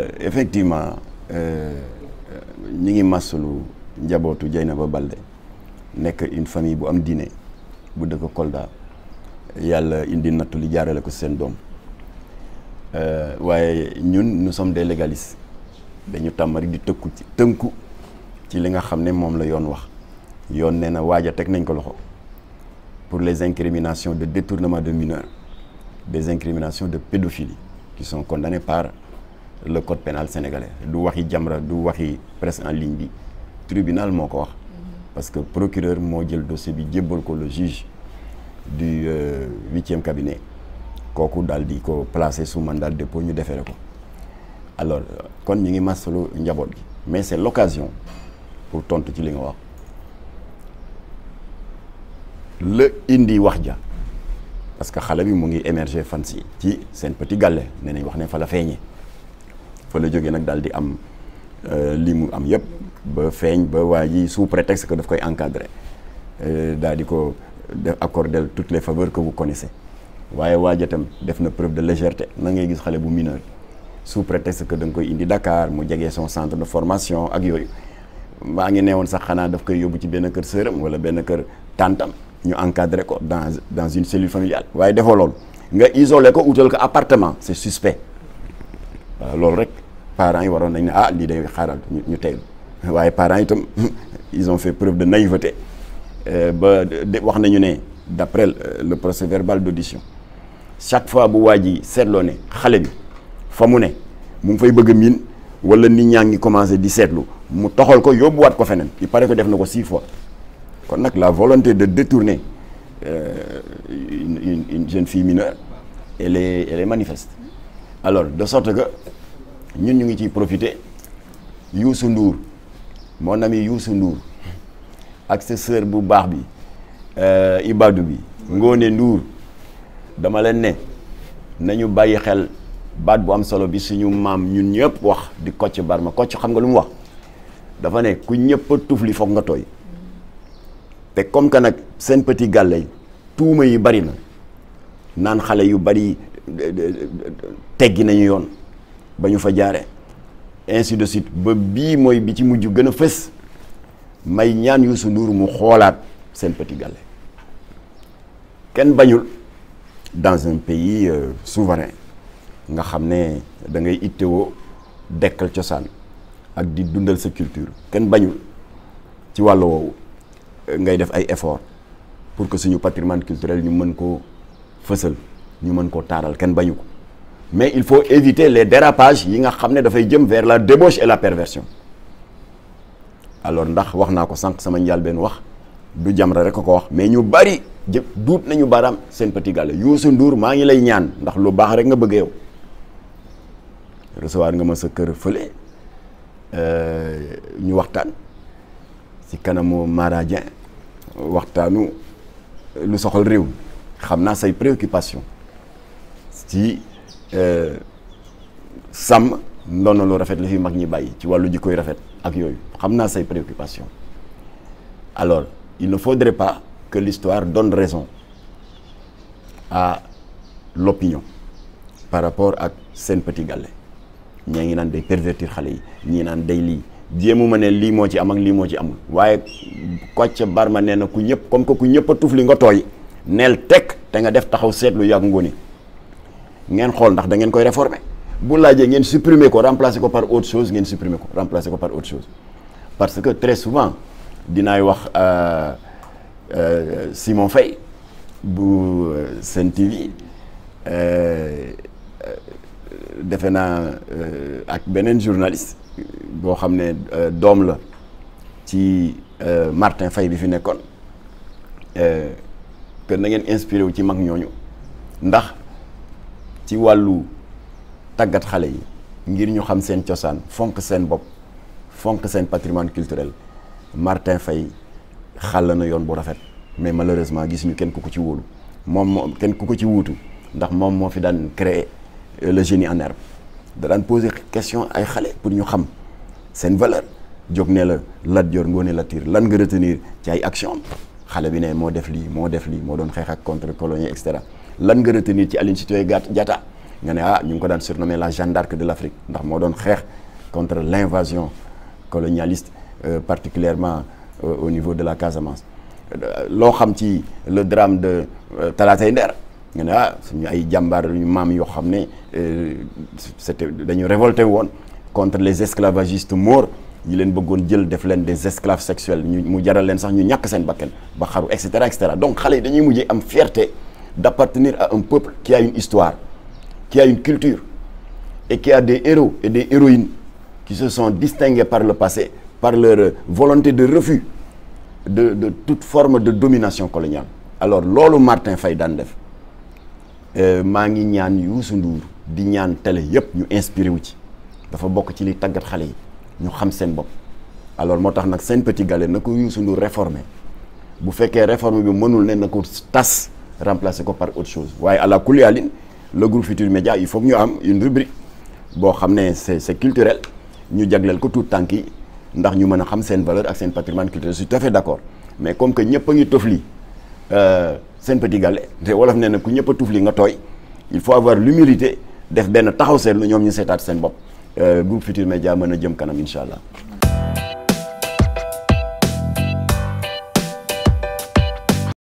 Euh, effectivement euh, ñi ngi maslu njabootu na ba Balde nekk une famille bu am dine bu dëkk Kolda yàlla indi nattu li jaarale ko seen doom euh, waaye ñun nu some des légalistes dañu tàmm di tëkku ci tënku ci li nga xam ne moom la yoon wax yoon nee na waaja teg nañ ko loxo pour les incriminations de détournement de mineurs des incriminations de pédophilie qui sont condamnées par le code pénal sénégalais du wax waxi Jamra du waxi presse en ligne bi tribunal moo ko wax parce que procureur moo jël dossier bi jébbal ko le juge du euh, huitième cabinet kooku daal di ko placer su man daal dépôt ñu defere ko alors kon ñu ngi masalu njaboot gi mais c'est l'occasion pour tontu ci li nga wax la indi wax ja parce que xale bi mu ngi émerger fan si ci seen petit galle ne nañ wax ne fa la feeñee fa la jógee nag daal di am euh, li mu am yëpp ba feeñ ba waa ji sous prétexte ko daf koy encadrer euh, daal di ko def accorder toutes les faveurs que vous connaissez waaye waa ji def na preuve de légèreté na ngay gis xale bu mineur sous prétexte que da nga koy indi Dakar mu jege son centre de formation ak yooyu maa ngi nee woon sax xanaa daf koy yóbbu ci benn kër sëram wala benn kër tàntam ñu encadrer ko dans dans une cellule familiale waaye defoo loolu nga isolé ko utal ko appartement c'est suspect waaw loolu rek parents yi waroon nañ ne ah lii day xaaral ñu tey waaye parents itam ils ont fait preuve de naïveté euh, ba de wax nañu ne d'après le procès verbal d'audition chaque fois bu waa ji seetloo ne xale bi fa mu ne mu ngi fay bëgg a miin wala nit ñaa ngi commencé di seetlu mu toxal ko yóbbuwaat ko feneen il paraît que def na ko six fois kon nag la volonté de détourner euh, une, une, une jeune fille mineure elle est elle est alors de sorte que ñun ñu ngi ciy profité Youssou Ndour mon ami Youssou Ndour ak sa bu baax bi euh, Ibadou bi Ngone nduur dama leen ne nañu bàyyi xel baat bu am solo bi suñu maam ñun ñëpp wax di Kocc Barma Kocc xam nga lu mu wax dafa ne ku ñëpp a tufli foog nga tooy te comme que nag seen petit gàllay tuuma yi bari na naan xale yu bari teggi nañu yoon ba ñu fa jaare ainsi de suite ba bii mooy bi ci mujj gën a fës may ñaan Youssou Ndour mu xoolaat seen petit kenn bañul dans un pays euh, souverain nga xam ne da ngay ittewoo dekkal cosaan ak di dundal sa culture kenn bañul ci wàll woowu euh, ngay def ay effort pour que suñu patrimoine culturel ñu mën koo fësal ñu mën koo taaral kenn bañu ko mais il faut éviter les dérapages yi nga xam ne dafay jëm vers la débauche et la perversion alors ndax wax naa ko sànq sama njëlbeen wax du Jamra rek ko ko wax mais ñu bari jë duut nañu baaraam seen petit gàlle Youssou nduur maa ngi lay ñaan ndax lu baax rek nga bëgg yow recevoir nga ma sa kër fële euh, ñu waxtaan si kanamu Mara Dieng waxtaanu lu soxal réew xam naa say préoccupation ci Euh, sàmm ndono lu rafet li fi mag ñi bàyyi ci wàllu jikkoy rafet ak yooyu xam naa say préoccupation alors il ne faudrait pas que l'histoire donne raison à l'opinion par rapport ak seen petit gàlle ñee ngi naan day pervertir xale yi ñii naan day lii ma ne lii moo ci am ak lii moo ci amul waaye Kocc Barma nee na ku ñëpp comme que ku ñëpp a li nga tooy neel teg te nga def taxaw seetlu yàgg ngooni ngeen xool ndax da ngeen koy réformer bu laajee ngeen supprimer ko remplacer ko par autre chose ngeen supprimer ko remplacer ko par autre chose parce que très souvent dinaay wax euh, euh, Simon Faye bu euh, seen TV defe na ak beneen journaliste boo xam ne doom la ci Martin Faye bi fi nekkoon que na ngeen inspiré wu ci mag ñooñu ndax ci wàllu tàggat xale yi ngir ñu xam seen cosaan fonk seen bopp fonk seen patrimoine culturel Martin fay xàll na yoon bu rafet mais malheureusement gisuñu kenn ku ko ci wóolu moom moom kenn ku ko ci wuutu ndax moom moo fi daan créer euh, le génie en herbe da daan poser question ay xale pour ñu xam seen valeur jóg ne la Lat Joor Ngoone Latiir lan nga retenir ci ay action xale bi ne moo def lii moo def lii moo doon xeex ak contre colonie et lan nga retenir ci Aline Sitoé Diatta nga ne ah ñu ngi ko daan surnommé la Jeanne d'Arc de l'Afrique ndax moo doon xeex contre l'invasion colonialiste euh, particulièrement euh, au niveau de la Casamance loo xam ci le drame de euh, Talatay Nder nga ne ah suñu ay jàmbaar ñu maam yoo xam ne euh, c'était dañu révolté woon contre les esclavagistes moor yi leen bëggoon jël def leen des esclaves sexuels ñu mu jaral leen sax ñu ñàkk seen bakkan ba xaru et cetera et cetera donc xale yi dañuy mujjee am fierté d'appartenir à un peuple qui ay une histoire, qui a une culture et qui a des héros et des héroïnes qui se sont distingués par le passé, par leur volonté de refus de, de toute forme de domination coloniale. Alors, loolu Martin fay daan def euh, maa ngi ñaan Youssou Ndour di ñaan tele yëpp ñu inspiré wu ci dafa bokk ci li tàggat xale yi ñu xam seen bopp alors moo tax nag seen petit galet na ko Youssou Ndour réformer bu fekkee réforme bi mënul ne na ko tas remplacer ko par autre chose waaye à la kuliyaalin le groupe Futur Média il faut ñu am une rubrique boo xam ne c'est c'est culturel ñu jagleel ko tout tànk yi ndax ñu mën a xam seen valeur ak seen patrimoine culturel je suis fait d'accord mais comme que ñëpp a ngi tofli euh, seen petit galle te wolof nee na ku ñëpp a tofli nga tooy il faut avoir l'humilité def benn taxaw seetlu ñoom ñu seetaat seen bopp euh, groupe Futur Média mën a jëm kanam incha allah